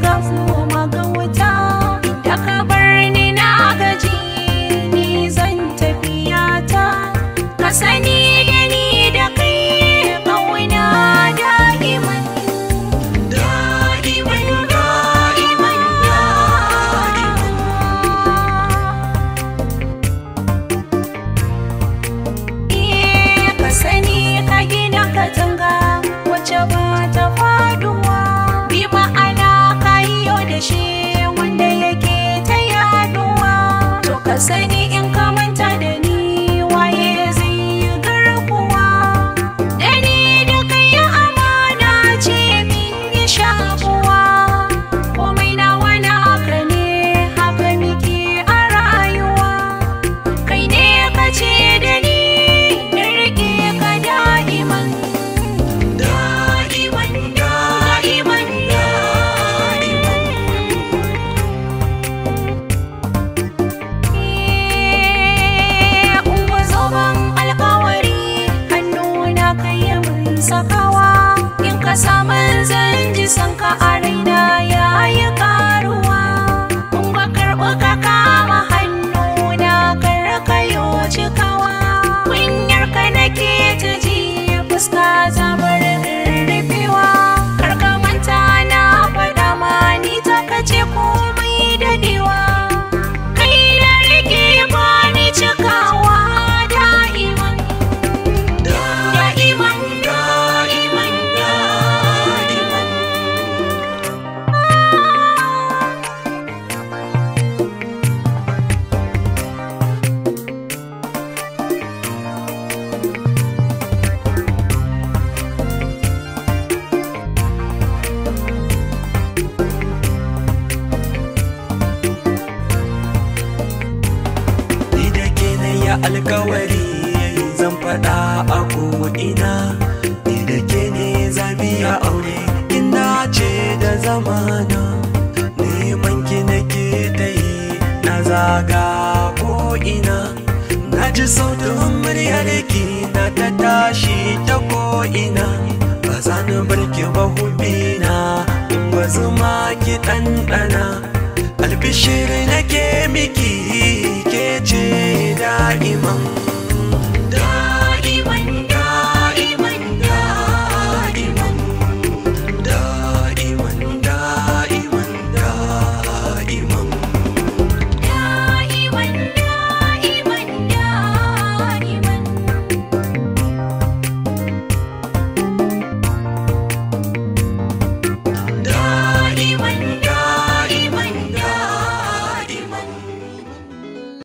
Deus no mar. ka samun zan ji sanka a raina ya yi ƙara ya alkawari zan faɗa a ko'ina ni da ke ne ya aure ina ce da zamana neman ki nake ta yi na zaga ko'ina na ji sautin muryar ki na ta tashi ta ko'ina ba za ni ki ba hubina ba zuma ki ɗanɗana albishir nake miki ce imam.